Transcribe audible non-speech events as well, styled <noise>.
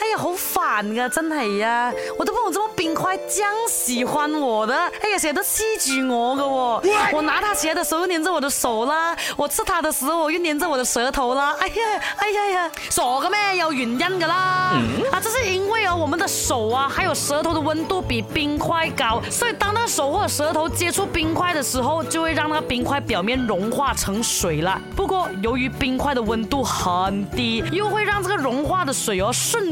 哎呀，好煩啊，真係呀、啊！我都幫佢做冰塊，張喜歡我的哎呀，成日都黏住我的、哦、 <laughs> 我拿它食的時候又粘住我的手啦，我吃它的時候我又粘住我的舌頭啦，哎呀，哎呀呀，傻噶咩？有原因的啦，嗯、啊，這是因為啊，我們的手啊，還有舌頭的溫度比冰塊高，所以當那個手或者舌頭接觸冰塊的時候，就會讓那個冰塊表面融化成水啦。不過由於冰塊的溫度很低，又會讓這個融化的水哦、啊、順。